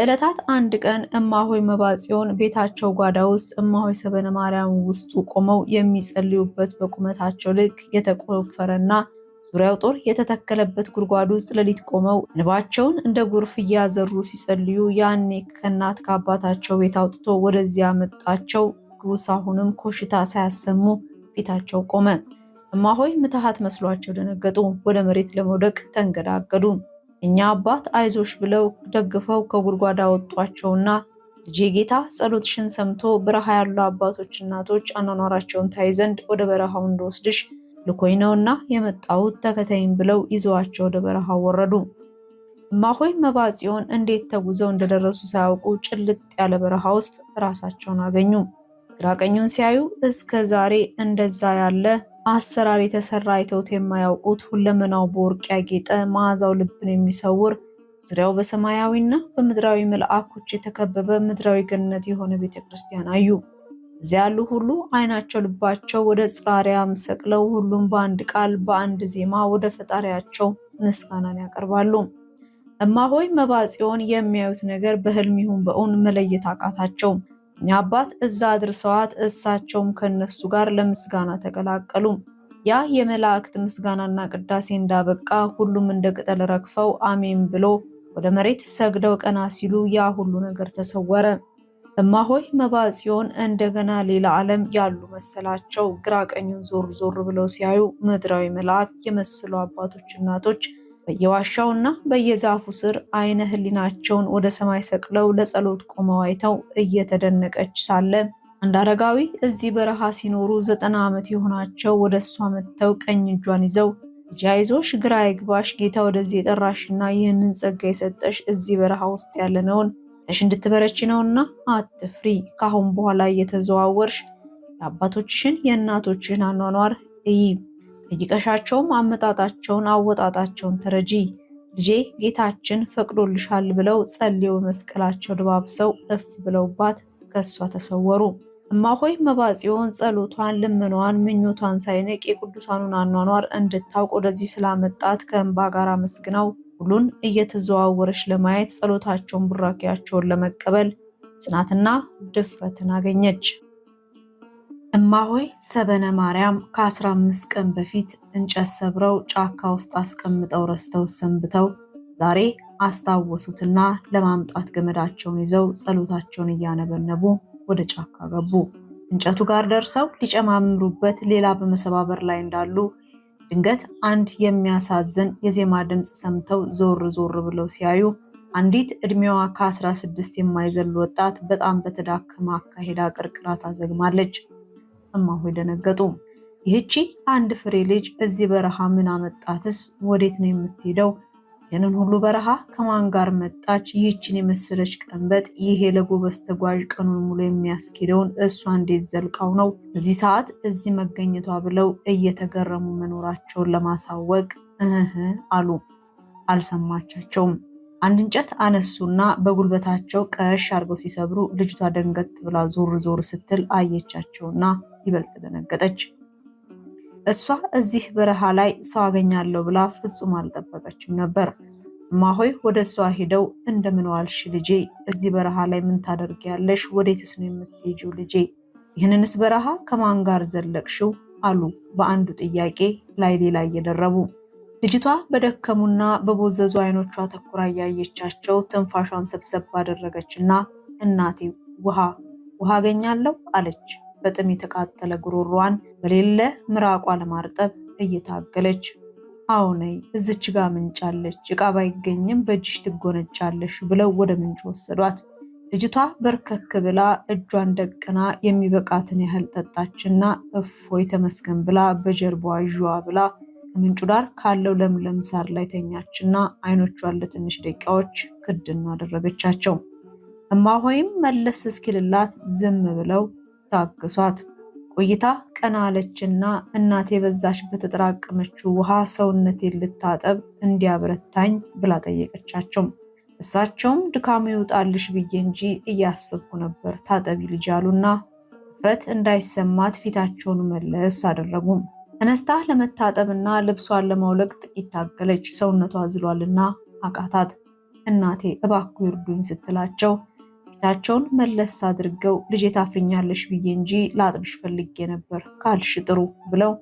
ከዕለታት አንድ ቀን እማሆይ መባጽዮን ቤታቸው ጓዳ ውስጥ እማሆይ ሰበነ ማርያም ውስጡ ቆመው የሚጸልዩበት በቁመታቸው ልክ የተቆፈረና ዙሪያው ጦር የተተከለበት ጉድጓድ ውስጥ ሌሊት ቆመው እንባቸውን እንደ ጎርፍ እያዘሩ ሲጸልዩ ያኔ ከእናት ከአባታቸው ቤት አውጥቶ ወደዚያ መጣቸው። ግውስ አሁንም ኮሽታ ሳያሰሙ ፊታቸው ቆመ። እማሆይ ምትሃት መስሏቸው ደነገጡ። ወደ መሬት ለመውደቅ ተንገዳገዱ። እኛ አባት አይዞሽ ብለው ደግፈው ከጉድጓድ አወጧቸውና ልጄ ጌታ ጸሎትሽን ሰምቶ በረሃ ያሉ አባቶች እናቶች አኗኗራቸውን ታይ ዘንድ ወደ በረሃው እንደወስድሽ ልኮኝ ነውና የመጣሁት ተከታይም ብለው ይዘዋቸው ወደ በረሃው ወረዱ። እማሆይ መባ ጽዮን እንዴት ተጉዘው እንደደረሱ ሳያውቁ ጭልጥ ያለ በረሃ ውስጥ ራሳቸውን አገኙ። ግራቀኙን ሲያዩ እስከ ዛሬ እንደዛ ያለ አሰራር የተሰራ አይተውት የማያውቁት ሁለመናው በወርቅ ያጌጠ መዓዛው ልብን የሚሰውር ዙሪያው በሰማያዊና በምድራዊ መልአኮች የተከበበ ምድራዊ ገነት የሆነ ቤተ ክርስቲያን አዩ። እዚያ ያሉ ሁሉ አይናቸው ልባቸው ወደ ጽራሪያም ሰቅለው ሁሉም በአንድ ቃል በአንድ ዜማ ወደ ፈጣሪያቸው ምስጋናን ያቀርባሉ። እማሆይ ሆይ መባጽዮን የሚያዩት ነገር በህልም ይሁን በእውን መለየት አቃታቸው። እኚህ አባት እዛ አድርሰዋት እሳቸውም ከነሱ ጋር ለምስጋና ተቀላቀሉ። ያ የመላእክት ምስጋናና ቅዳሴ እንዳበቃ ሁሉም እንደ ቅጠል ረግፈው አሜን ብሎ ወደ መሬት ሰግደው ቀና ሲሉ ያ ሁሉ ነገር ተሰወረ። እማሆይ መባጽዮን እንደገና ሌላ ዓለም ያሉ መሰላቸው። ግራ ቀኙን ዞር ዞር ብለው ሲያዩ ምድራዊ መልአክ የመሰሉ አባቶች እናቶች በየዋሻውና በየዛፉ ስር አይነ ህሊናቸውን ወደ ሰማይ ሰቅለው ለጸሎት ቆመው አይተው እየተደነቀች ሳለ አንድ አረጋዊ እዚህ በረሃ ሲኖሩ ዘጠና ዓመት የሆናቸው ወደ እሷ መጥተው ቀኝ እጇን ይዘው ልጅ አይዞሽ፣ ግራ ይግባሽ፣ ጌታ ወደዚህ የጠራሽና ይህንን ጸጋ የሰጠሽ እዚህ በረሃ ውስጥ ያለነውን ተሽ እንድትበረች ነውና አትፍሪ። ከአሁን በኋላ እየተዘዋወርሽ የአባቶችሽን የእናቶችሽን አኗኗር እይ ጠይቀሻቸውም አመጣጣቸውን አወጣጣቸውን ተረጂ ልጄ ጌታችን ፈቅዶልሻል ብለው ጸልየው በመስቀላቸው ድባብሰው እፍ ብለውባት ከሷ ተሰወሩ። እማ ሆይ መባጽዮን ጸሎቷን፣ ልመኗዋን፣ ምኞቷን ሳይንቅ የቅዱሳኑን አኗኗር እንድታውቅ ወደዚህ ስላመጣት ከእንባ ጋር አመስግናው ሁሉን እየተዘዋወረች ለማየት ጸሎታቸውን፣ ቡራኪያቸውን ለመቀበል ጽናትና ድፍረትን አገኘች። እማሆይ ሰበነ ማርያም ከ15 ቀን በፊት እንጨት ሰብረው ጫካ ውስጥ አስቀምጠው ረስተው ሰንብተው ዛሬ አስታወሱትና ለማምጣት ገመዳቸውን ይዘው ጸሎታቸውን እያነበነቡ ወደ ጫካ ገቡ። እንጨቱ ጋር ደርሰው ሊጨማምሩበት ሌላ በመሰባበር ላይ እንዳሉ ድንገት አንድ የሚያሳዝን የዜማ ድምፅ ሰምተው ዞር ዞር ብለው ሲያዩ አንዲት ዕድሜዋ ከ16 የማይዘል ወጣት በጣም በተዳከመ አካሄድ አቀርቅራ ታዘግማለች። እማሆይ ደነገጡ። ይህቺ አንድ ፍሬ ልጅ እዚህ በረሃ ምን አመጣትስ? ወዴት ነው የምትሄደው? ይህንን ሁሉ በረሃ ከማን ጋር መጣች? ይህችን የመሰለች ቀንበጥ፣ ይሄ ለጎበዝ ተጓዥ ቀኑን ሙሉ የሚያስኬደውን እሷ እንዴት ዘልቃው ነው በዚህ ሰዓት እዚህ መገኘቷ? ብለው እየተገረሙ መኖራቸውን ለማሳወቅ እህህ አሉ። አልሰማቻቸውም። አንድ እንጨት አነሱና በጉልበታቸው ቀሽ አድርገው ሲሰብሩ ልጅቷ ደንገት ብላ ዞር ዞር ስትል አየቻቸውና ይበልጥ ደነገጠች። እሷ እዚህ በረሃ ላይ ሰው አገኛለሁ ብላ ፍጹም አልጠበቀችም ነበር። ማሆይ ወደ እሷ ሄደው እንደምን ዋልሽ ልጄ? እዚህ በረሃ ላይ ምን ታደርጊያለሽ? ወዴትስ ነው የምትሄጂው ልጄ? ይህንንስ በረሃ ከማን ጋር ዘለቅሽው? አሉ በአንዱ ጥያቄ ላይ ሌላ እየደረቡ ልጅቷ በደከሙና በቦዘዙ አይኖቿ አተኩራ እያየቻቸው ትንፋሿን ሰብሰብ ባደረገችና እናቴ ውሃ ውሃ አገኛለሁ አለች። በጥም የተቃጠለ ጉሮሯን በሌለ ምራቋ ለማርጠብ እየታገለች አሁነይ እዝች ጋ ምንጭ አለች፣ እቃ ባይገኝም በእጅሽ ትጎነጫለሽ ብለው ወደ ምንጭ ወሰዷት። ልጅቷ በርከክ ብላ እጇን ደቅና የሚበቃትን ያህል ጠጣችና እፎይ ተመስገን ብላ በጀርባዋ ዥዋ ብላ ምንጩ ዳር ካለው ለምለም ሳር ላይ ተኛች እና አይኖቿን ለትንሽ ደቂቃዎች ክድና አደረገቻቸው። እማሆይም መለስ እስኪልላት ዝም ብለው ታግሷት ቆይታ ቀና አለችና እናቴ በዛች በተጠራቀመችው ውሃ ሰውነቴን ልታጠብ እንዲያበረታኝ ብላ ጠየቀቻቸው። እሳቸውም ድካሙ ይውጣልሽ ብዬ እንጂ እያሰብኩ ነበር ታጠቢ ልጅ አሉና እፍረት እንዳይሰማት ፊታቸውን መለስ አደረጉም። ተነስታ ለመታጠብና ልብሷን ለማውለቅ ጥቂት ታገለች። ሰውነቷ ዝሏልና አቃታት። እናቴ እባኩ ይርዱኝ ስትላቸው ፊታቸውን መለስ አድርገው ልጄ ታፍኛለሽ ብዬ እንጂ ላጥብሽ ፈልጌ ነበር ካልሽ ጥሩ ብለው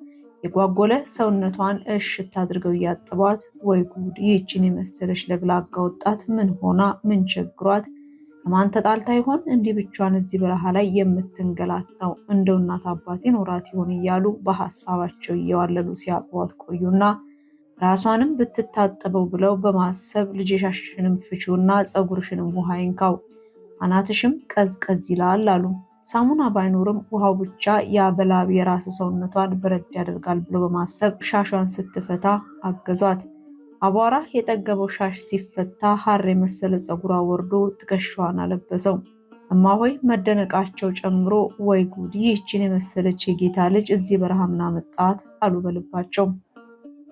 የጓጎለ ሰውነቷን እሽት አድርገው እያጠቧት፣ ወይ ጉድ! ይህችን የመሰለች ለግላጋ ወጣት ምን ሆና ምን ቸግሯት ከማን ተጣልታ ይሆን እንዲህ ብቻዋን እዚህ በረሃ ላይ የምትንገላታው? እንደው እናት አባት ይሆን እያሉ በሀሳባቸው እየዋለሉ ሲያቅቧት ቆዩና ራሷንም ብትታጠበው ብለው በማሰብ ልጅሻሽንም ሻሽሽንም ፍቺውና ፀጉርሽንም ውሃ ይንካው አናትሽም ቀዝቀዝ ይላል አሉ። ሳሙና ባይኖርም ውሃው ብቻ የአበላብ የራስ ሰውነቷን በረድ ያደርጋል ብሎ በማሰብ ሻሿን ስትፈታ አገዟት። አቧራ የጠገበው ሻሽ ሲፈታ ሐር የመሰለ ፀጉሯ ወርዶ ትከሻዋን አለበሰው። እማሆይ መደነቃቸው ጨምሮ ወይ ጉድ ይህችን የመሰለች የጌታ ልጅ እዚህ በረሃ መጣት አሉ በልባቸው።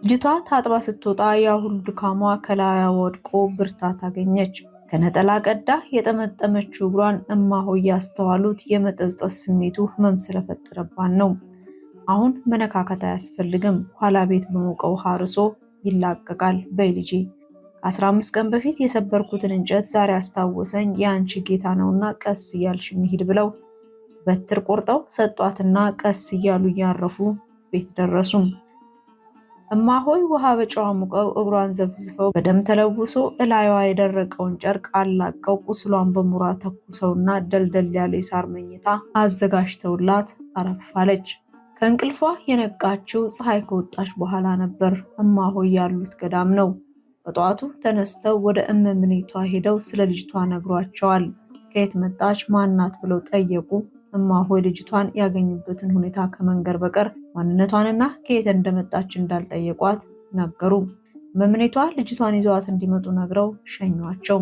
ልጅቷ ታጥባ ስትወጣ ያ ሁሉ ድካሟ ከላያ ወድቆ ብርታት አገኘች። ከነጠላ ቀዳ የጠመጠመችው እግሯን እማሆይ ያስተዋሉት የመጠዝጠዝ ስሜቱ ህመም ስለፈጠረባን ነው። አሁን መነካከት አያስፈልግም። ኋላ ቤት በሞቀው ውሃ ይላቀቃል። በይ ልጄ አስራ አምስት ቀን በፊት የሰበርኩትን እንጨት ዛሬ አስታወሰኝ የአንቺ ጌታ ነውና ቀስ እያልሽ እንሂድ ብለው በትር ቆርጠው ሰጧትና ቀስ እያሉ እያረፉ ቤት ደረሱም። እማሆይ ውሃ በጨዋ ሙቀው እግሯን ዘፍዝፈው በደም ተለውሶ እላዩዋ የደረቀውን ጨርቅ አላቀው ቁስሏን በሙራ ተኩሰውና ደልደል ያለ የሳር መኝታ አዘጋጅተውላት አረፋለች። ከእንቅልፏ የነቃችው ፀሐይ ከወጣች በኋላ ነበር። እማሆይ ያሉት ገዳም ነው። በጠዋቱ ተነስተው ወደ እመምኔቷ ሄደው ስለ ልጅቷ ነግሯቸዋል። ከየት መጣች ማናት ብለው ጠየቁ። እማሆይ ልጅቷን ያገኙበትን ሁኔታ ከመንገር በቀር ማንነቷንና ከየት እንደመጣች እንዳልጠየቋት ነገሩ። እመምኔቷ ልጅቷን ይዘዋት እንዲመጡ ነግረው ሸኟቸው።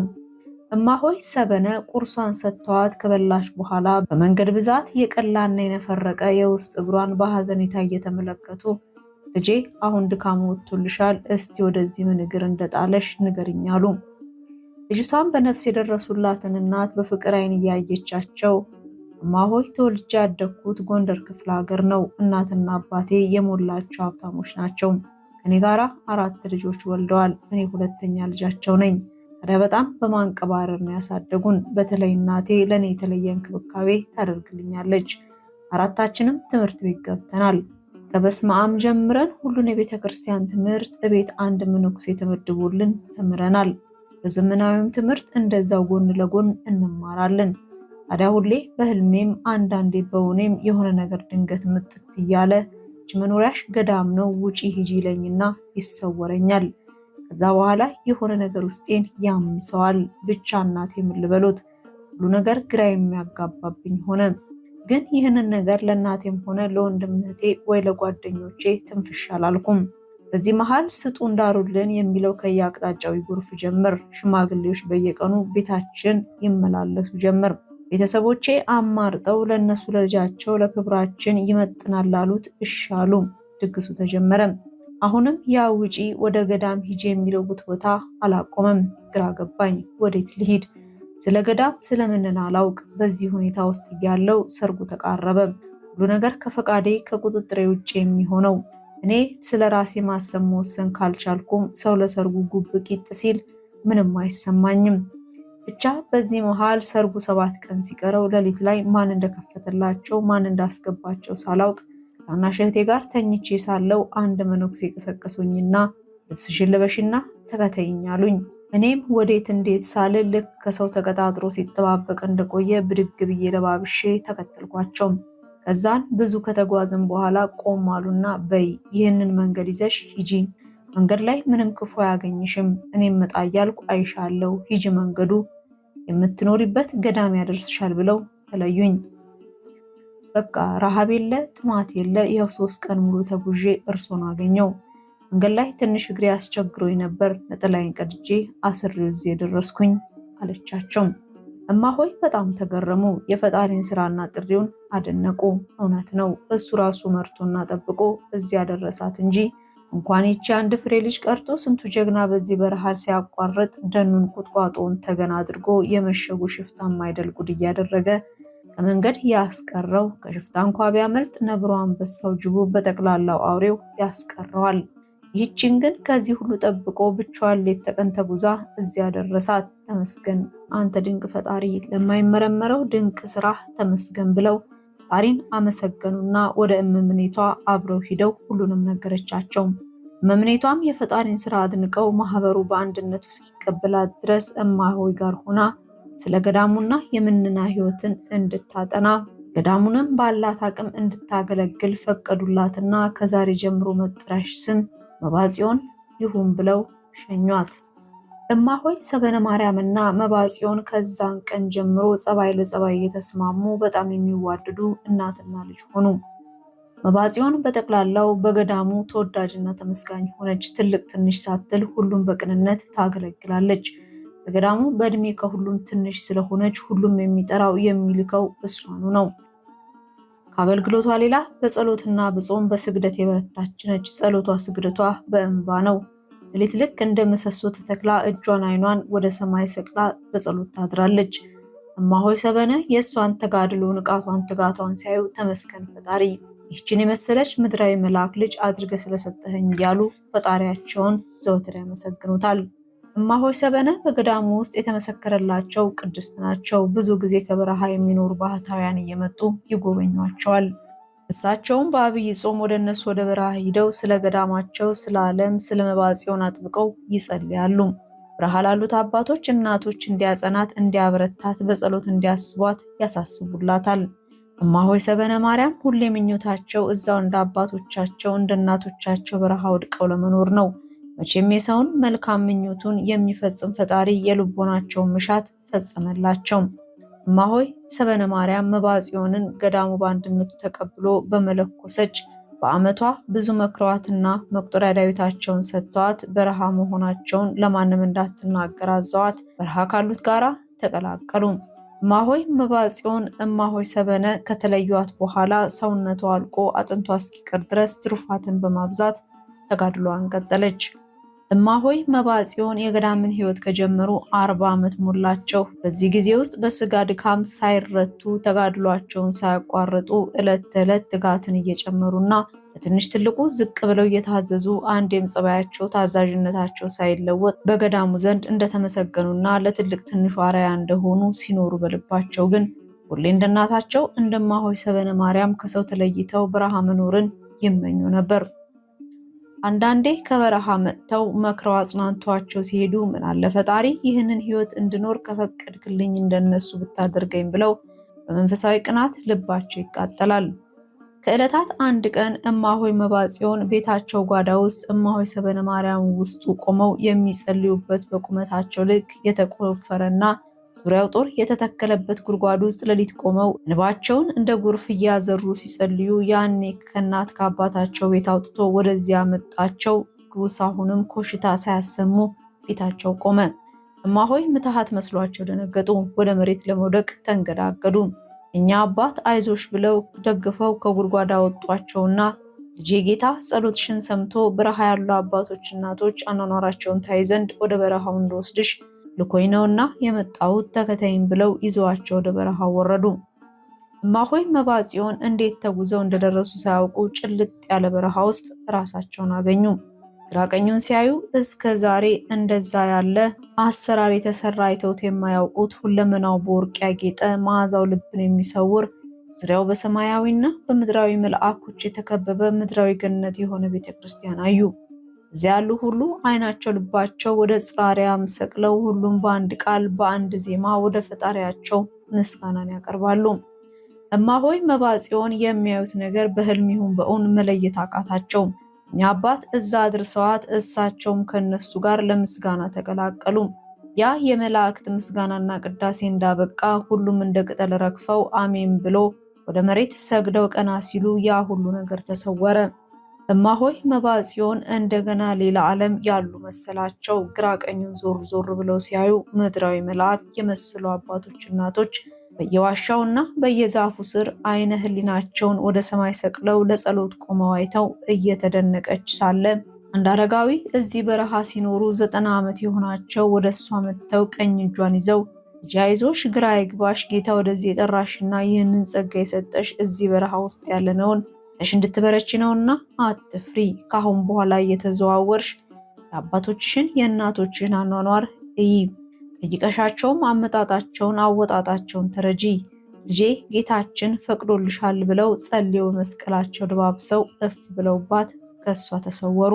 እማሆይ ሰበነ ቁርሷን ሰጥተዋት ከበላች በኋላ በመንገድ ብዛት የቀላና የነፈረቀ የውስጥ እግሯን በሐዘኔታ እየተመለከቱ ልጄ አሁን ድካሙ ወጥቶልሻል፣ እስቲ ወደዚህ ምን እግር እንደጣለሽ ንገርኝ አሉ። ልጅቷን በነፍስ የደረሱላትን እናት በፍቅር ዓይን እያየቻቸው እማሆይ ተወልጄ ያደግኩት ጎንደር ክፍለ ሀገር ነው። እናትና አባቴ የሞላቸው ሀብታሞች ናቸው። ከኔ ጋራ አራት ልጆች ወልደዋል። እኔ ሁለተኛ ልጃቸው ነኝ። ረ በጣም በማንቀባረር ነው ያሳደጉን። በተለይ እናቴ ለእኔ የተለየ እንክብካቤ ታደርግልኛለች። አራታችንም ትምህርት ቤት ገብተናል። ከበስመ አብ ጀምረን ሁሉን የቤተ ክርስቲያን ትምህርት እቤት አንድ ምንኩስ ተመድቦልን ተምረናል። በዘመናዊም ትምህርት እንደዛው ጎን ለጎን እንማራለን። ታዲያ ሁሌ በህልሜም አንዳንዴ በውኔም የሆነ ነገር ድንገት ምጥት እያለ መኖሪያሽ ገዳም ነው ውጪ ሂጂ ይለኝና ይሰወረኛል። ከዛ በኋላ የሆነ ነገር ውስጤን ያምሰዋል። ብቻ እናቴ የምልበሉት! ሁሉ ነገር ግራ የሚያጋባብኝ ሆነ። ግን ይህንን ነገር ለእናቴም ሆነ ለወንድምነቴ ወይ ለጓደኞቼ ትንፍሻ አላልኩም። በዚህ መሃል ስጡ እንዳሩልን የሚለው ከየአቅጣጫው ይጎርፍ ጀምር ሽማግሌዎች በየቀኑ ቤታችን ይመላለሱ ጀምር። ቤተሰቦቼ አማርጠው ለእነሱ ለልጃቸው ለክብራችን ይመጥናል ላሉት እሻሉ። ድግሱ ተጀመረ። አሁንም ያ ውጪ ወደ ገዳም ሂጅ የሚለውት ቦታ አላቆመም። ግራ ገባኝ። ወዴት ልሂድ? ስለ ገዳም ስለምንን አላውቅ። በዚህ ሁኔታ ውስጥ እያለው ሰርጉ ተቃረበ። ሁሉ ነገር ከፈቃዴ ከቁጥጥሬ ውጭ የሚሆነው እኔ ስለ ራሴ ማሰብ መወሰን ካልቻልኩም ሰው ለሰርጉ ጉብ ቂጥ ሲል ምንም አይሰማኝም። ብቻ በዚህ መሃል ሰርጉ ሰባት ቀን ሲቀረው ሌሊት ላይ ማን እንደከፈተላቸው ማን እንዳስገባቸው ሳላውቅ ታናሽ እህቴ ጋር ተኝቼ ሳለው አንድ መነኩሴ ቀሰቀሱኝና ልብስሽን ልበሽና ተከተይኝ አሉኝ። እኔም ወዴት እንዴት ሳል ልክ ከሰው ተቀጣጥሮ ሲጠባበቅ እንደቆየ ብድግ ብዬ ለባብሼ ተከተልኳቸው። ከዛን ብዙ ከተጓዝን በኋላ ቆም አሉና በይ ይህንን መንገድ ይዘሽ ሂጂ፣ መንገድ ላይ ምንም ክፉ አያገኝሽም፣ እኔም መጣ እያልኩ አይሻለሁ፣ ሂጂ መንገዱ የምትኖሪበት ገዳም ያደርስሻል ብለው ተለዩኝ። በቃ ረሃብ የለ ጥማት የለ። ይኸው ሶስት ቀን ሙሉ ተጉዤ እርሶን አገኘው። መንገድ ላይ ትንሽ እግሬ አስቸግሮኝ ነበር፣ ነጠላዬን ቀድጄ አስሬው እዚህ የደረስኩኝ አለቻቸው። እማሆይ በጣም ተገረሙ። የፈጣሪን ስራና ጥሪውን አደነቁ። እውነት ነው እሱ ራሱ መርቶና ጠብቆ እዚህ ያደረሳት እንጂ እንኳን ይቺ አንድ ፍሬ ልጅ ቀርቶ ስንቱ ጀግና በዚህ በረሃል ሲያቋርጥ ደኑን ቁጥቋጦውን ተገና አድርጎ የመሸጉ ሽፍታ አይደል ጉድ እያደረገ ከመንገድ ያስቀረው ከሽፍታ እንኳ ቢያመልጥ ነብሮ አንበሳው ጅቡ በጠቅላላው አውሬው ያስቀረዋል። ይህችን ግን ከዚህ ሁሉ ጠብቆ ብቻዋን ሌት ተቀን ተጉዛ እዚያ ደረሳት። ተመስገን አንተ ድንቅ ፈጣሪ፣ ለማይመረመረው ድንቅ ስራ ተመስገን ብለው ጣሪን አመሰገኑና ወደ እመምኔቷ አብረው ሂደው ሁሉንም ነገረቻቸው። እመምኔቷም የፈጣሪን ስራ አድንቀው ማህበሩ በአንድነቱ እስኪቀበላት ድረስ እማሆይ ጋር ሆና ስለ ገዳሙና የምንና ህይወትን እንድታጠና ገዳሙንም ባላት አቅም እንድታገለግል ፈቀዱላትና ከዛሬ ጀምሮ መጠሪያሽ ስም መባጽዮን ይሁን ብለው ሸኟት። እማሆይ ሰበነ ማርያምና መባጽዮን ከዛን ቀን ጀምሮ ጸባይ ለጸባይ የተስማሙ በጣም የሚዋደዱ እናትና ልጅ ሆኑ። መባጽዮን በጠቅላላው በገዳሙ ተወዳጅና ተመስጋኝ ሆነች። ትልቅ ትንሽ ሳትል ሁሉም በቅንነት ታገለግላለች። በገዳሙ በእድሜ ከሁሉም ትንሽ ስለሆነች ሁሉም የሚጠራው የሚልከው እሷኑ ነው። ከአገልግሎቷ ሌላ በጸሎትና በጾም በስግደት የበረታች ነች። ጸሎቷ ስግደቷ በእንባ ነው። ሌሊት ልክ እንደ ምሰሶ ተተክላ እጇን አይኗን ወደ ሰማይ ሰቅላ በጸሎት ታድራለች። እማሆይ ሰበነ የእሷን ተጋድሎ ንቃቷን ትጋቷን ሲያዩ ተመስገን ፈጣሪ ይህችን የመሰለች ምድራዊ መልአክ ልጅ አድርገ ስለሰጠህኝ እያሉ ፈጣሪያቸውን ዘወትር ያመሰግኑታል። እማሆይ ሰበነ በገዳሙ ውስጥ የተመሰከረላቸው ቅድስት ናቸው። ብዙ ጊዜ ከበረሃ የሚኖሩ ባህታውያን እየመጡ ይጎበኟቸዋል። እሳቸውም በአብይ ጾም ወደ እነሱ ወደ በረሃ ሂደው ስለ ገዳማቸው፣ ስለ ዓለም፣ ስለ መባጽዮን አጥብቀው ይጸልያሉ። በረሃ ላሉት አባቶች፣ እናቶች እንዲያጸናት፣ እንዲያበረታት፣ በጸሎት እንዲያስቧት ያሳስቡላታል። እማሆይ ሰበነ ማርያም ሁሌ ምኞታቸው እዛው እንደ አባቶቻቸው እንደ እናቶቻቸው በረሃ ወድቀው ለመኖር ነው። መቼም የሰውን መልካም ምኞቱን የሚፈጽም ፈጣሪ የልቦናቸውን ምሻት ፈጸመላቸው። እማሆይ ሰበነ ማርያም መባጽዮንን ገዳሙ በአንድነቱ ተቀብሎ በመለኮሰች በዓመቷ ብዙ መክረዋትና መቁጠሪያ ዳዊታቸውን ሰጥተዋት በረሃ መሆናቸውን ለማንም እንዳትናገር አዘዋት በረሃ ካሉት ጋራ ተቀላቀሉ። እማሆይ መባጽዮን እማሆይ ሰበነ ከተለዩዋት በኋላ ሰውነቷ አልቆ አጥንቷ እስኪቀር ድረስ ትሩፋትን በማብዛት ተጋድሏን ቀጠለች። እማሆይ መባጽዮን የገዳምን ሕይወት ከጀመሩ አርባ ዓመት ሞላቸው። በዚህ ጊዜ ውስጥ በስጋ ድካም ሳይረቱ ተጋድሏቸውን ሳያቋርጡ ዕለት ተዕለት ትጋትን እየጨመሩና በትንሽ ትልቁ ዝቅ ብለው እየታዘዙ አንዴም ጸባያቸው፣ ታዛዥነታቸው ሳይለወጥ በገዳሙ ዘንድ እንደተመሰገኑና ለትልቅ ትንሹ አርአያ እንደሆኑ ሲኖሩ በልባቸው ግን ሁሌ እንደናታቸው እንደማሆይ ሰበነ ማርያም ከሰው ተለይተው በረሃ መኖርን ይመኙ ነበር። አንዳንዴ ከበረሃ መጥተው መክረው አጽናንቷቸው ሲሄዱ ምናለ ፈጣሪ ይህንን ህይወት እንድኖር ከፈቀድክልኝ እንደነሱ ብታደርገኝ ብለው በመንፈሳዊ ቅናት ልባቸው ይቃጠላል። ከዕለታት አንድ ቀን እማሆይ መባጽዮን ቤታቸው ጓዳ ውስጥ እማሆይ ሰበነ ማርያም ውስጡ ቆመው የሚጸልዩበት በቁመታቸው ልክ የተቆፈረና ዙሪያው ጦር የተተከለበት ጉድጓድ ውስጥ ሌሊት ቆመው እንባቸውን እንደ ጎርፍ እያዘሩ ሲጸልዩ ያኔ ከእናት ከአባታቸው ቤት አውጥቶ ወደዚያ መጣቸው። ግውስ አሁንም ኮሽታ ሳያሰሙ ፊታቸው ቆመ። እማሆይ ምትሃት መስሏቸው ደነገጡ። ወደ መሬት ለመውደቅ ተንገዳገዱ። እኛ አባት አይዞሽ ብለው ደግፈው ከጉድጓድ አወጧቸውና ልጄ ጌታ ጸሎትሽን ሰምቶ በረሃ ያሉ አባቶች እናቶች አኗኗራቸውን ታይ ዘንድ ወደ በረሃው እንደወስድሽ ልኮይ ነውና የመጣሁት ተከተይም ብለው ይዘዋቸው ወደ በረሃ ወረዱ። እማሆይ መባ ጽዮን እንዴት ተጉዘው እንደደረሱ ሳያውቁ ጭልጥ ያለ በረሃ ውስጥ ራሳቸውን አገኙ። ግራቀኙን ሲያዩ እስከ ዛሬ እንደዛ ያለ አሰራር የተሰራ አይተውት የማያውቁት ሁለመናው በወርቅ ያጌጠ መዓዛው ልብን የሚሰውር ዙሪያው በሰማያዊና በምድራዊ መልአኮች የተከበበ ምድራዊ ገነት የሆነ ቤተ ክርስቲያን አዩ። እዚያ ያሉ ሁሉ አይናቸው ልባቸው ወደ ጽራሪያም ሰቅለው ሁሉም በአንድ ቃል በአንድ ዜማ ወደ ፈጣሪያቸው ምስጋናን ያቀርባሉ። እማ ሆይ መባ የሚያዩት ነገር በህልም ይሁን በእውን መለየት አቃታቸው። እኛ አባት እዛ አድርሰዋት፣ እሳቸውም ከነሱ ጋር ለምስጋና ተቀላቀሉ። ያ የመላእክት ምስጋናና ቅዳሴ እንዳበቃ ሁሉም እንደ ቅጠል ረግፈው አሜን ብሎ ወደ መሬት ሰግደው ቀና ሲሉ ያ ሁሉ ነገር ተሰወረ። እማሆይ መባ ጽዮን እንደገና ሌላ ዓለም ያሉ መሰላቸው። ግራ ቀኙን ዞር ዞር ብለው ሲያዩ ምድራዊ መልአክ የመሰሉ አባቶች እናቶች በየዋሻውና በየዛፉ ስር አይነ ህሊናቸውን ወደ ሰማይ ሰቅለው ለጸሎት ቆመው አይተው እየተደነቀች ሳለ አንድ አረጋዊ እዚህ በረሃ ሲኖሩ ዘጠና ዓመት የሆናቸው ወደ እሷ መጥተው ቀኝ እጇን ይዘው ጃይዞሽ ግራ ይግባሽ፣ ጌታ ወደዚህ የጠራሽና ይህንን ጸጋ የሰጠሽ እዚህ በረሃ ውስጥ ያለነውን ትንሽ እንድትበረች ነውና አትፍሪ። ከአሁን በኋላ እየተዘዋወርሽ የአባቶችሽን የእናቶችሽን አኗኗር እይ። ጠይቀሻቸውም አመጣጣቸውን አወጣጣቸውን ተረጂ። ልጄ ጌታችን ፈቅዶልሻል ብለው ጸልየው በመስቀላቸው ድባብሰው እፍ ብለውባት ከእሷ ተሰወሩ።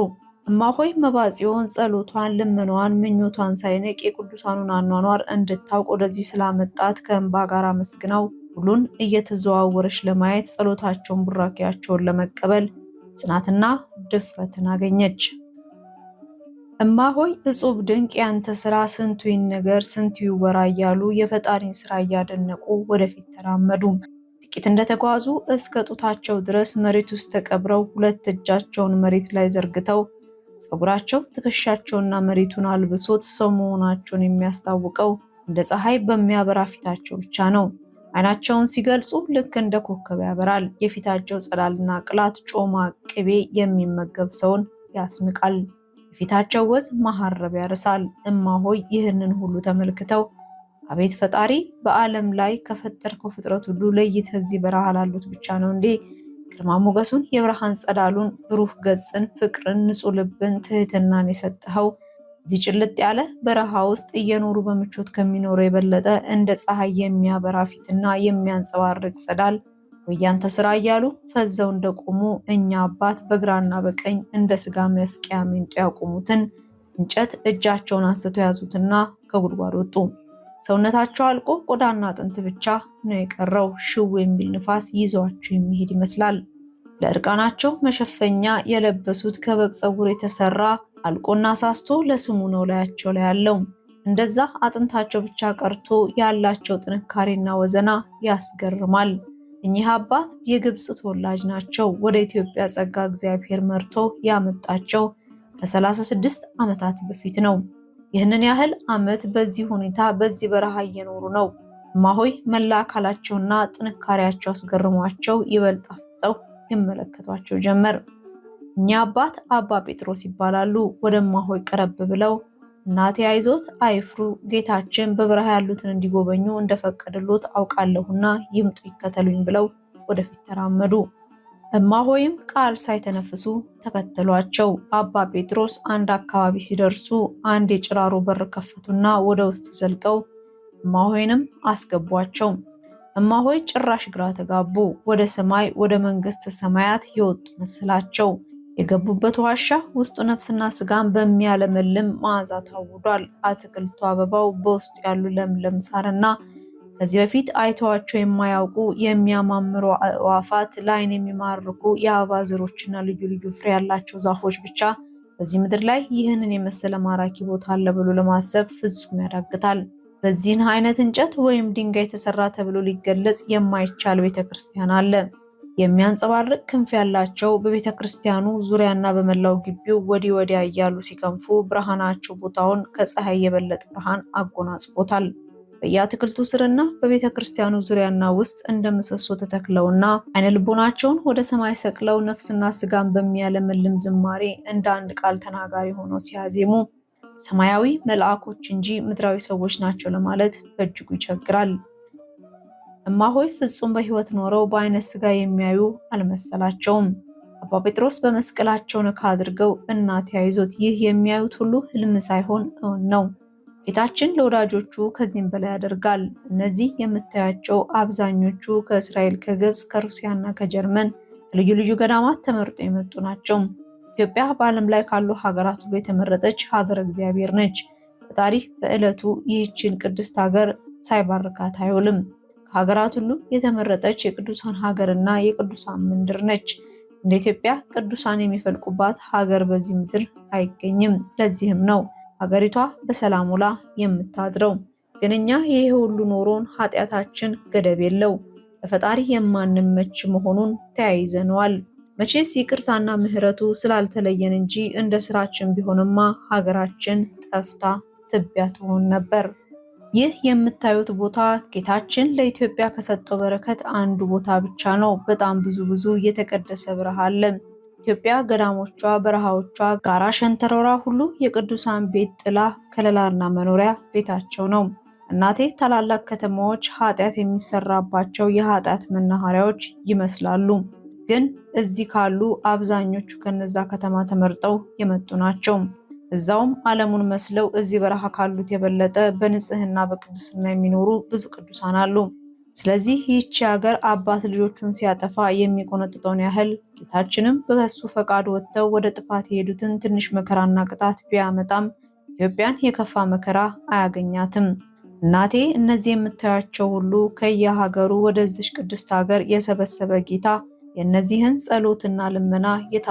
እማሆይ መባጽዮን ጸሎቷን፣ ልመኗን ምኞቷን ሳይነቅ የቅዱሳኑን አኗኗር እንድታውቅ ወደዚህ ስላመጣት ከእንባ ጋር አመስግናው ሁሉን እየተዘዋወረች ለማየት ጸሎታቸውን፣ ቡራኪያቸውን ለመቀበል ጽናትና ድፍረትን አገኘች። እማ ሆይ እጹብ ድንቅ ያንተ ስራ፣ ስንቱ ይነገር ስንቱ ይወራ እያሉ የፈጣሪን ስራ እያደነቁ ወደፊት ተራመዱ። ጥቂት እንደተጓዙ እስከ ጡታቸው ድረስ መሬት ውስጥ ተቀብረው ሁለት እጃቸውን መሬት ላይ ዘርግተው ፀጉራቸው ትከሻቸውና መሬቱን አልብሶት ሰው መሆናቸውን የሚያስታውቀው እንደ ፀሐይ በሚያበራ ፊታቸው ብቻ ነው። አይናቸውን ሲገልጹ ልክ እንደ ኮከብ ያበራል። የፊታቸው ጸዳልና ቅላት ጮማ ቅቤ የሚመገብ ሰውን ያስንቃል። የፊታቸው ወዝ መሐረብ ያርሳል። እማ ሆይ ይህንን ሁሉ ተመልክተው አቤት ፈጣሪ በዓለም ላይ ከፈጠርከው ፍጥረት ሁሉ ለይተህ እዚህ በረሃ ላሉት ብቻ ነው እንዴ? ግርማ ሞገሱን፣ የብርሃን ጸዳሉን፣ ብሩህ ገጽን፣ ፍቅርን፣ ንጹህ ልብን፣ ትህትናን የሰጠኸው እዚህ ጭልጥ ያለ በረሃ ውስጥ እየኖሩ በምቾት ከሚኖሩ የበለጠ እንደ ፀሐይ የሚያበራ ፊትና የሚያንጸባርቅ ጸዳል ወያንተ ስራ እያሉ ፈዘው እንደቆሙ እኛ አባት በግራና በቀኝ እንደ ስጋ መስቂያ ሜንጦ ያቆሙትን እንጨት እጃቸውን አንስተው ያዙትና ከጉድጓድ ወጡ። ሰውነታቸው አልቆ ቆዳና አጥንት ብቻ ነው የቀረው። ሽው የሚል ንፋስ ይዘዋቸው የሚሄድ ይመስላል። ለእርቃናቸው መሸፈኛ የለበሱት ከበግ ፀጉር የተሰራ አልቆና ሳስቶ ለስሙ ነው ላያቸው ላይ ያለው። እንደዛ አጥንታቸው ብቻ ቀርቶ ያላቸው ጥንካሬና ወዘና ያስገርማል። እኚህ አባት የግብፅ ተወላጅ ናቸው። ወደ ኢትዮጵያ ጸጋ እግዚአብሔር መርቶ ያመጣቸው ከ36 ዓመታት በፊት ነው። ይህንን ያህል ዓመት በዚህ ሁኔታ በዚህ በረሃ እየኖሩ ነው። እማሆይ መላ አካላቸውና ጥንካሬያቸው አስገርሟቸው ይበልጥ አፍጠው ይመለከቷቸው ጀመር። እኛ አባት አባ ጴጥሮስ ይባላሉ። ወደ እማሆይ ቀረብ ብለው እናቴ አይዞት፣ አይፍሩ፣ ጌታችን በበረሃ ያሉትን እንዲጎበኙ እንደፈቀድሎት አውቃለሁና ይምጡ ይከተሉኝ ብለው ወደፊት ተራመዱ። እማሆይም ቃል ሳይተነፍሱ ተከተሏቸው። አባ ጴጥሮስ አንድ አካባቢ ሲደርሱ አንድ የጭራሮ በር ከፈቱና ወደ ውስጥ ዘልቀው እማሆይንም አስገቧቸው። እማሆይ ጭራሽ ግራ ተጋቡ። ወደ ሰማይ ወደ መንግስተ ሰማያት የወጡ መሰላቸው። የገቡበት ዋሻ ውስጡ ነፍስና ስጋን በሚያለመልም መዓዛ ታውዷል። አትክልቱ አበባው በውስጡ ያሉ ለምለም ሳርና ከዚህ በፊት አይተዋቸው የማያውቁ የሚያማምሩ አዕዋፋት፣ ለአይን የሚማርኩ የአበባ ዘሮችና ልዩ ልዩ ፍሬ ያላቸው ዛፎች ብቻ በዚህ ምድር ላይ ይህንን የመሰለ ማራኪ ቦታ አለ ብሎ ለማሰብ ፍጹም ያዳግታል። በዚህን አይነት እንጨት ወይም ድንጋይ የተሰራ ተብሎ ሊገለጽ የማይቻል ቤተ ክርስቲያን አለ። የሚያንጸባርቅ ክንፍ ያላቸው በቤተ ክርስቲያኑ ዙሪያና በመላው ግቢው ወዲህ ወዲያ እያሉ ሲከንፉ ብርሃናቸው ቦታውን ከፀሐይ የበለጠ ብርሃን አጎናጽፎታል። በየአትክልቱ ስርና በቤተ ክርስቲያኑ ዙሪያና ውስጥ እንደ ምሰሶ ተተክለውና አይነ ልቦናቸውን ወደ ሰማይ ሰቅለው ነፍስና ስጋን በሚያለመልም ዝማሬ እንደ አንድ ቃል ተናጋሪ ሆነው ሲያዜሙ ሰማያዊ መልአኮች እንጂ ምድራዊ ሰዎች ናቸው ለማለት በእጅጉ ይቸግራል። እማሆይ ፍጹም በሕይወት ኖረው በአይነ ሥጋ የሚያዩ አልመሰላቸውም። አባ ጴጥሮስ በመስቀላቸው ነካ አድርገው እናት ያይዞት፣ ይህ የሚያዩት ሁሉ ህልም ሳይሆን እውን ነው። ጌታችን ለወዳጆቹ ከዚህም በላይ ያደርጋል። እነዚህ የምታያቸው አብዛኞቹ ከእስራኤል፣ ከግብፅ፣ ከሩሲያና ከጀርመን ከልዩ ልዩ ገዳማት ተመርጦ የመጡ ናቸው። ኢትዮጵያ በዓለም ላይ ካሉ ሀገራት ሁሉ የተመረጠች ሀገር እግዚአብሔር ነች። በታሪክ በዕለቱ ይህችን ቅድስት ሀገር ሳይባርካት አይውልም። ከሀገራት ሁሉ የተመረጠች የቅዱሳን ሀገርና የቅዱሳን ምንድር ነች። እንደ ኢትዮጵያ ቅዱሳን የሚፈልቁባት ሀገር በዚህ ምድር አይገኝም። ለዚህም ነው ሀገሪቷ በሰላም ውላ የምታድረው። ግን እኛ ይሄ ሁሉ ኖሮን ኃጢአታችን ገደብ የለው ለፈጣሪ የማንመች መሆኑን ተያይዘነዋል። መቼስ ይቅርታና ምሕረቱ ስላልተለየን እንጂ እንደ ስራችን ቢሆንማ ሀገራችን ጠፍታ ትቢያ ትሆን ነበር። ይህ የምታዩት ቦታ ጌታችን ለኢትዮጵያ ከሰጠው በረከት አንዱ ቦታ ብቻ ነው። በጣም ብዙ ብዙ የተቀደሰ በረሃ አለ። ኢትዮጵያ ገዳሞቿ፣ በረሃዎቿ፣ ጋራ ሸንተረራ ሁሉ የቅዱሳን ቤት ጥላ ከለላና መኖሪያ ቤታቸው ነው። እናቴ ታላላቅ ከተማዎች ኃጢአት የሚሰራባቸው የኃጢአት መናኸሪያዎች ይመስላሉ። ግን እዚህ ካሉ አብዛኞቹ ከነዛ ከተማ ተመርጠው የመጡ ናቸው። እዛውም ዓለሙን መስለው እዚህ በረሃ ካሉት የበለጠ በንጽህና በቅድስና የሚኖሩ ብዙ ቅዱሳን አሉ። ስለዚህ ይህቺ ሀገር አባት ልጆቹን ሲያጠፋ የሚቆነጥጠውን ያህል ጌታችንም በከሱ ፈቃድ ወጥተው ወደ ጥፋት የሄዱትን ትንሽ መከራና ቅጣት ቢያመጣም ኢትዮጵያን የከፋ መከራ አያገኛትም። እናቴ እነዚህ የምታያቸው ሁሉ ከየሀገሩ ወደዚች ቅድስት ሀገር የሰበሰበ ጌታ የእነዚህን ጸሎትና ልመና የት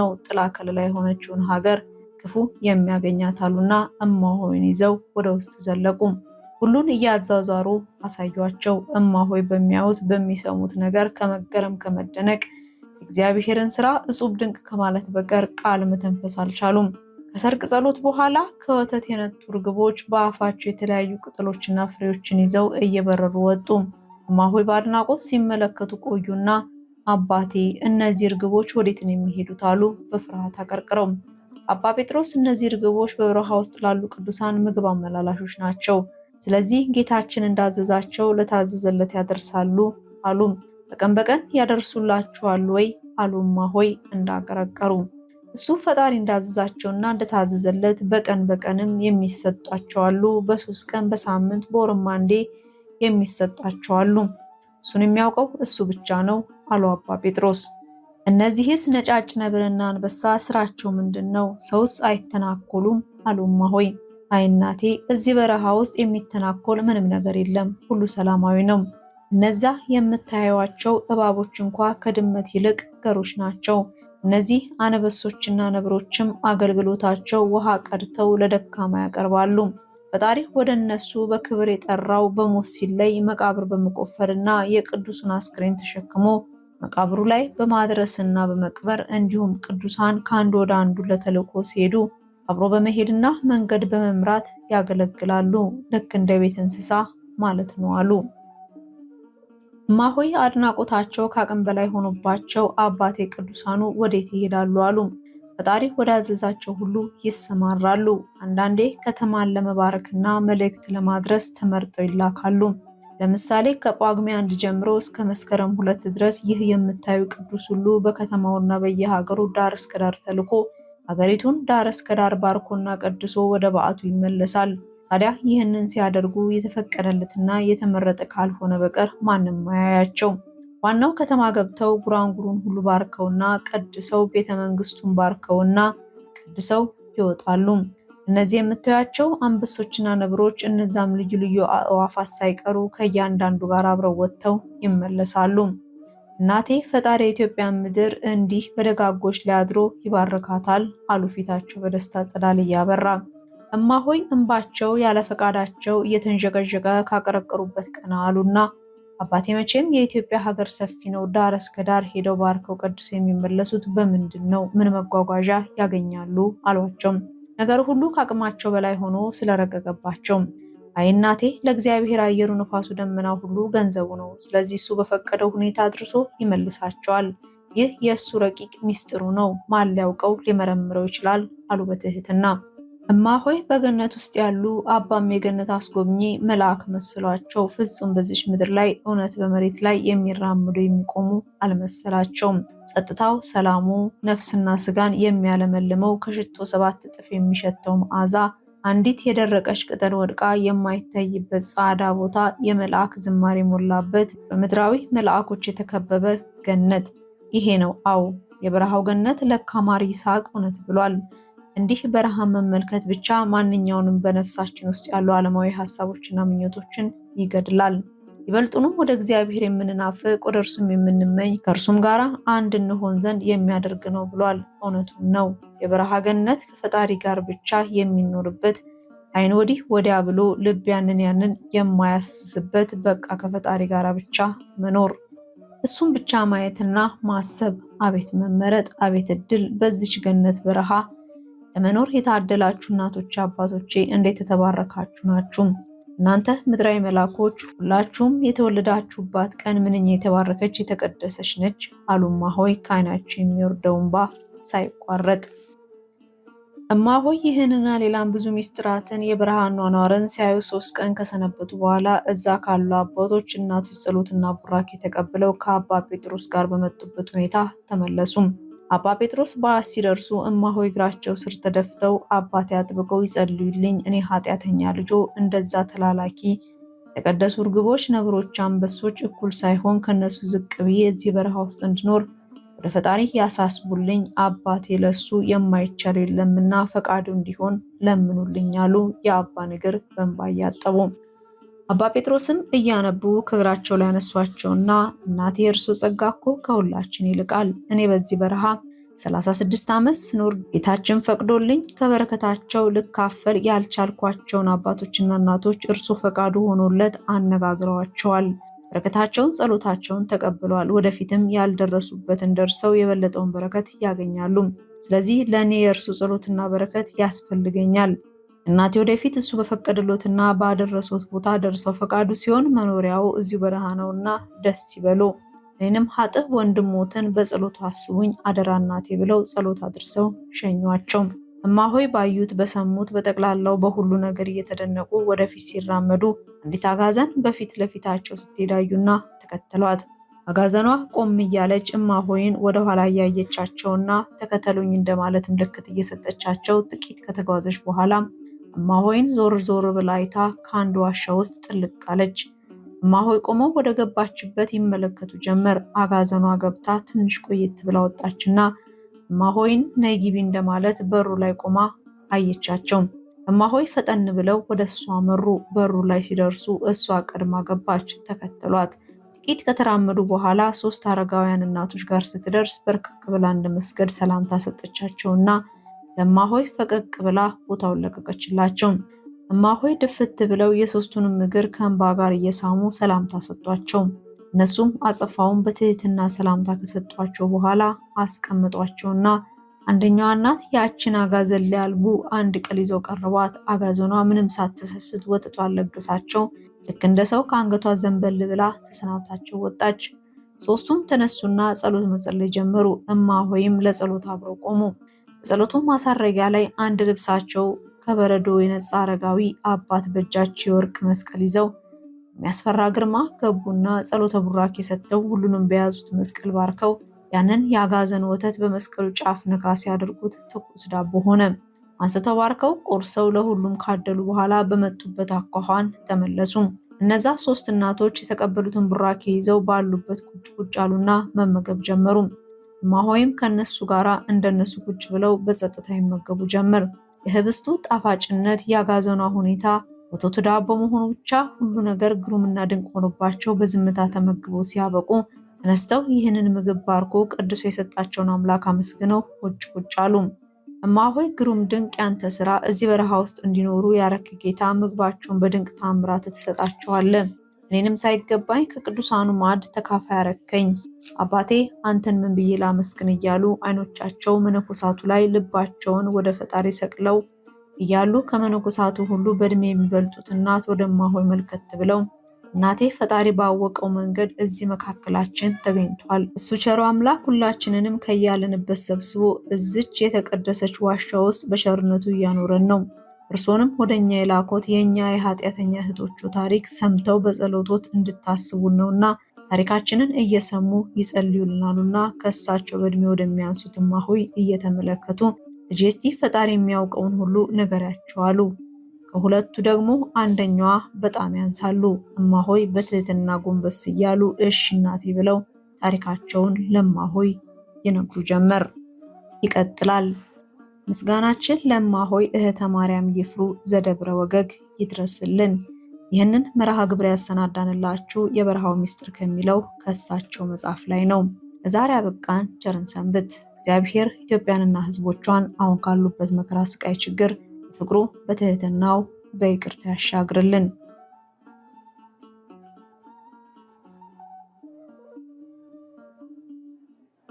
ነው ጥላ ከለላ የሆነችውን ሀገር ክፉ የሚያገኛት አሉና እማሆይን ይዘው ወደ ውስጥ ዘለቁ። ሁሉን እያዛዛሩ አሳያቸው። እማሆይ በሚያዩት በሚሰሙት ነገር ከመገረም ከመደነቅ እግዚአብሔርን ስራ እጹብ ድንቅ ከማለት በቀር ቃል መተንፈስ አልቻሉም። ከሰርቅ ጸሎት በኋላ ከወተት የነጡ ርግቦች በአፋቸው የተለያዩ ቅጠሎችና ፍሬዎችን ይዘው እየበረሩ ወጡ። እማሆይ በአድናቆት ሲመለከቱ ቆዩና አባቴ፣ እነዚህ እርግቦች ወዴት ነው የሚሄዱት? አሉ በፍርሃት አቀርቅረው። አባ ጴጥሮስ እነዚህ ርግቦች በበረሃ ውስጥ ላሉ ቅዱሳን ምግብ አመላላሾች ናቸው፣ ስለዚህ ጌታችን እንዳዘዛቸው ለታዘዘለት ያደርሳሉ አሉም። በቀን በቀን ያደርሱላችኋል ወይ አሉማ ሆይ እንዳቀረቀሩ እሱ ፈጣሪ እንዳዘዛቸውና እንደታዘዘለት በቀን በቀንም የሚሰጣቸው አሉ። በሶስት ቀን በሳምንት በወርማ እንዴ የሚሰጣቸው አሉ። እሱን የሚያውቀው እሱ ብቻ ነው አሉ አባ ጴጥሮስ። እነዚህስ ነጫጭ ነብርና አንበሳ ስራቸው ምንድን ነው? ሰውስ አይተናኮሉም? አሉማ ሆይ አይ እናቴ፣ እዚህ በረሃ ውስጥ የሚተናኮል ምንም ነገር የለም፣ ሁሉ ሰላማዊ ነው። እነዛ የምታዩዋቸው እባቦች እንኳ ከድመት ይልቅ ገሮች ናቸው። እነዚህ አንበሶችና ነብሮችም አገልግሎታቸው ውሃ ቀድተው ለደካማ ያቀርባሉ። ፈጣሪ ወደ እነሱ በክብር የጠራው በሞት ሲለይ መቃብር በመቆፈርና የቅዱሱን አስክሬን ተሸክሞ መቃብሩ ላይ በማድረስና በመቅበር እንዲሁም ቅዱሳን ከአንድ ወደ አንዱ ለተልእኮ ሲሄዱ አብሮ በመሄድና መንገድ በመምራት ያገለግላሉ። ልክ እንደ ቤት እንስሳ ማለት ነው አሉ። እማሆይ አድናቆታቸው ከአቅም በላይ ሆኖባቸው አባቴ ቅዱሳኑ ወዴት ይሄዳሉ አሉ። ፈጣሪ ወዳዘዛቸው ሁሉ ይሰማራሉ። አንዳንዴ ከተማን ለመባረክና መልእክት ለማድረስ ተመርጠው ይላካሉ። ለምሳሌ ከጳጉሜ አንድ ጀምሮ እስከ መስከረም ሁለት ድረስ ይህ የምታዩ ቅዱስ ሁሉ በከተማውና በየሀገሩ ዳር እስከ ዳር ተልኮ ሀገሪቱን ዳር እስከ ዳር ባርኮና ቀድሶ ወደ በዓቱ ይመለሳል። ታዲያ ይህንን ሲያደርጉ የተፈቀደለትና የተመረጠ ካልሆነ በቀር ማንም አያያቸው። ዋናው ከተማ ገብተው ጉራንጉሩን ሁሉ ባርከውና ቀድሰው ቤተ መንግስቱን ባርከውና ቀድሰው ይወጣሉ። እነዚህ የምታያቸው አንበሶችና ነብሮች እነዛም ልዩ ልዩ አዕዋፋት ሳይቀሩ ከእያንዳንዱ ጋር አብረው ወጥተው ይመለሳሉ። እናቴ ፈጣሪ የኢትዮጵያን ምድር እንዲህ በደጋጎች ላይ አድሮ ይባርካታል አሉ ፊታቸው በደስታ ጸዳል እያበራ። እማሆይ እንባቸው ያለ ፈቃዳቸው እየተንዠቀዠቀ ካቀረቀሩበት ቀና አሉና አባቴ መቼም የኢትዮጵያ ሀገር ሰፊ ነው፣ ዳር እስከ ዳር ሄደው ባርከው ቀድሰው የሚመለሱት በምንድን ነው? ምን መጓጓዣ ያገኛሉ? አሏቸው። ነገር ሁሉ ከአቅማቸው በላይ ሆኖ ስለረገገባቸው አይ እናቴ ለእግዚአብሔር አየሩ፣ ንፋሱ፣ ደመና ሁሉ ገንዘቡ ነው። ስለዚህ እሱ በፈቀደው ሁኔታ አድርሶ ይመልሳቸዋል። ይህ የእሱ ረቂቅ ሚስጥሩ ነው። ማን ሊያውቀው ሊመረምረው ይችላል? አሉ በትህትና እማሆይ በገነት ውስጥ ያሉ አባም የገነት አስጎብኚ መልአክ መስሏቸው ፍጹም በዚች ምድር ላይ እውነት በመሬት ላይ የሚራምዱ የሚቆሙ አልመሰላቸውም። ጸጥታው፣ ሰላሙ ነፍስና ስጋን የሚያለመልመው ከሽቶ ሰባት እጥፍ የሚሸተው መዓዛ፣ አንዲት የደረቀች ቅጠል ወድቃ የማይታይበት ጻዕዳ ቦታ፣ የመልአክ ዝማሬ ሞላበት በምድራዊ መልአኮች የተከበበ ገነት። ይሄ ነው አዎ የበረሃው ገነት። ለካ ማር ይስሐቅ እውነት ብሏል። እንዲህ በረሃ መመልከት ብቻ ማንኛውንም በነፍሳችን ውስጥ ያሉ ዓለማዊ ሀሳቦችና ምኞቶችን ይገድላል። ይበልጡንም ወደ እግዚአብሔር የምንናፍቅ ወደ እርሱም የምንመኝ ከእርሱም ጋር አንድ እንሆን ዘንድ የሚያደርግ ነው ብሏል። እውነቱን ነው። የበረሃ ገነት ከፈጣሪ ጋር ብቻ የሚኖርበት አይን ወዲህ ወዲያ ብሎ ልብ ያንን ያንን የማያስስበት በቃ ከፈጣሪ ጋር ብቻ መኖር እሱም ብቻ ማየትና ማሰብ። አቤት መመረጥ! አቤት እድል! በዚች ገነት በረሃ ለመኖር የታደላችሁ እናቶች አባቶቼ እንዴት የተባረካችሁ ናችሁ! እናንተ ምድራዊ መላኮች ሁላችሁም የተወለዳችሁባት ቀን ምንኛ የተባረከች የተቀደሰች ነች አሉማ ሆይ ከዓይናቸው የሚወርደው እንባ ሳይቋረጥ እማ ሆይ ይህንና ሌላም ብዙ ሚስጥራትን የብርሃን ኗኗርን ሲያዩ ሶስት ቀን ከሰነበቱ በኋላ እዛ ካሉ አባቶች እናቶች ጸሎትና ቡራኬ ተቀብለው ከአባ ጴጥሮስ ጋር በመጡበት ሁኔታ ተመለሱም። አባ ጴጥሮስ በዓት ሲደርሱ እማሆይ እግራቸው ስር ተደፍተው አባቴ አጥብቀው ይጸልዩልኝ፣ እኔ ኃጢአተኛ ልጆ እንደዛ ተላላኪ የተቀደሱ እርግቦች፣ ነብሮች፣ አንበሶች እኩል ሳይሆን ከነሱ ዝቅ ብዬ እዚህ በረሃ ውስጥ እንድኖር ወደ ፈጣሪ ያሳስቡልኝ፣ አባቴ ለሱ የማይቻል የለምና ፈቃዱ እንዲሆን ለምኑልኝ አሉ። የአባን እግር በእንባ እያጠቡ አባ ጴጥሮስም እያነቡ ከእግራቸው ላይ ያነሷቸውና እናቴ የእርሱ ጸጋ እኮ ከሁላችን ይልቃል፣ እኔ በዚህ በረሃ 36 ዓመት ስኖር ጌታችን ፈቅዶልኝ ከበረከታቸው ልካፈል ያልቻልኳቸውን አባቶችና እናቶች እርሱ ፈቃዱ ሆኖለት አነጋግረዋቸዋል። በረከታቸውን፣ ጸሎታቸውን ተቀብለዋል። ወደፊትም ያልደረሱበትን ደርሰው የበለጠውን በረከት ያገኛሉ። ስለዚህ ለእኔ የእርሱ ጸሎትና በረከት ያስፈልገኛል። እናቴ ወደፊት እሱ በፈቀደሎትና ባደረሶት ቦታ ደርሰው ፈቃዱ ሲሆን መኖሪያው እዚሁ በረሃ ነውና ደስ ይበሉ። እኔንም ሀጥህ ወንድሞትን በጸሎቱ አስቡኝ አደራ እናቴ ብለው ጸሎት አድርሰው ሸኟቸው። እማሆይ ባዩት በሰሙት በጠቅላላው በሁሉ ነገር እየተደነቁ ወደፊት ሲራመዱ አንዲት አጋዘን በፊት ለፊታቸው ስትሄዳዩና ተከተሏት። አጋዘኗ ቆም እያለች እማሆይን ወደኋላ እያየቻቸውና ተከተሉኝ እንደማለት ምልክት እየሰጠቻቸው ጥቂት ከተጓዘች በኋላ እማሆይን ዞር ዞር ብላ አይታ ከአንድ ዋሻ ውስጥ ጥልቅ አለች። እማሆይ ቆመው ወደ ገባችበት ይመለከቱ ጀመር። አጋዘኗ ገብታ ትንሽ ቆየት ብላ ወጣችና እማሆይን ነይ ግቢ እንደማለት በሩ ላይ ቆማ አየቻቸው። እማሆይ ፈጠን ብለው ወደ እሷ መሩ። በሩ ላይ ሲደርሱ እሷ ቀድማ ገባች፣ ተከተሏት። ጥቂት ከተራመዱ በኋላ ሶስት አረጋውያን እናቶች ጋር ስትደርስ በርክክ ብላ እንደ መስገድ ሰላምታ ሰጠቻቸውና ለማሆይ ፈቀቅ ብላ ቦታውን ለቀቀችላቸው። እማሆይ ድፍት ብለው የሶስቱንም እግር ከእንባ ጋር እየሳሙ ሰላምታ ሰጧቸው። እነሱም አጸፋውን በትህትና ሰላምታ ከሰጧቸው በኋላ አስቀምጧቸውና አንደኛዋ እናት ያችን አጋዘን ሊያልቡ አንድ ቅል ይዘው ቀርቧት አጋዘኗ ምንም ሳትሰስት ወጥቷ ለግሳቸው ልክ እንደ ሰው ከአንገቷ ዘንበል ብላ ተሰናብታቸው ወጣች። ሶስቱም ተነሱና ጸሎት መጸለይ ጀመሩ። እማሆይም ለጸሎት አብረው ቆሙ። በጸሎቱም ማሳረጊያ ላይ አንድ ልብሳቸው ከበረዶ የነጻ አረጋዊ አባት በእጃቸው የወርቅ መስቀል ይዘው የሚያስፈራ ግርማ ገቡና ጸሎተ ቡራኬ ሰጥተው ሁሉንም በያዙት መስቀል ባርከው ያንን የአጋዘን ወተት በመስቀሉ ጫፍ ነካ ሲያደርጉት ትኩስ ዳቦ ሆነ። አንስተው ባርከው ቆርሰው ለሁሉም ካደሉ በኋላ በመጡበት አኳኋን ተመለሱ። እነዛ ሶስት እናቶች የተቀበሉትን ቡራኬ ይዘው ባሉበት ቁጭ ቁጭ አሉና መመገብ ጀመሩ። እማሆይም ከነሱ ጋር እንደነሱ ቁጭ ብለው በጸጥታ ይመገቡ ጀመር። የህብስቱ ጣፋጭነት፣ የአጋዘኗ ሁኔታ፣ ወተቱ ዳቦ በመሆኑ ብቻ ሁሉ ነገር ግሩምና ድንቅ ሆኖባቸው በዝምታ ተመግበው ሲያበቁ ተነስተው ይህንን ምግብ ባርኮ ቅዱስ የሰጣቸውን አምላክ አመስግነው ቁጭ ቁጭ አሉ። እማሆይ ግሩም ድንቅ ያንተ ስራ፣ እዚህ በረሃ ውስጥ እንዲኖሩ ያረክ ጌታ ምግባቸውን በድንቅ ታምራት ትሰጣቸዋለን። እኔንም ሳይገባኝ ከቅዱሳኑ ማዕድ ተካፋይ አረከኝ። አባቴ አንተን ምን ብዬ ላመስግን እያሉ አይኖቻቸው መነኮሳቱ ላይ ልባቸውን ወደ ፈጣሪ ሰቅለው እያሉ ከመነኮሳቱ ሁሉ በእድሜ የሚበልጡት እናት ወደማሆይ መልከት ብለው እናቴ ፈጣሪ ባወቀው መንገድ እዚህ መካከላችን ተገኝቷል። እሱ ቸሮ አምላክ ሁላችንንም ከያለንበት ሰብስቦ እዝች የተቀደሰች ዋሻ ውስጥ በቸርነቱ እያኖረን ነው። እርሶንም ወደ እኛ የላኮት የእኛ የኃጢአተኛ እህቶቹ ታሪክ ሰምተው በጸሎቶት እንድታስቡን ነውና ታሪካችንን እየሰሙ ይጸልዩልናሉና ከእሳቸው በእድሜ ወደሚያንሱትማ ሆይ እየተመለከቱ ልጄ ፈጣሪ የሚያውቀውን ሁሉ ንገሪያቸው አሉ። ከሁለቱ ደግሞ አንደኛዋ በጣም ያንሳሉ። እማሆይ በትህትና ጎንበስ እያሉ እሽ እናቴ ብለው ታሪካቸውን ለማሆይ ይነግሩ ጀመር። ይቀጥላል። ምስጋናችን ለማሆይ እህተ ማርያም ይፍሩ ዘደብረ ወገግ ይድረስልን። ይህንን መርሃ ግብር ያሰናዳንላችሁ የበረሃው ምስጢር ከሚለው ከእሳቸው መጽሐፍ ላይ ነው። ለዛሬ አበቃን። ቸርን ሰንብት። እግዚአብሔር ኢትዮጵያንና ሕዝቦቿን አሁን ካሉበት መከራ፣ ስቃይ፣ ችግር ፍቅሩ በትህትናው በይቅርታ ያሻግርልን።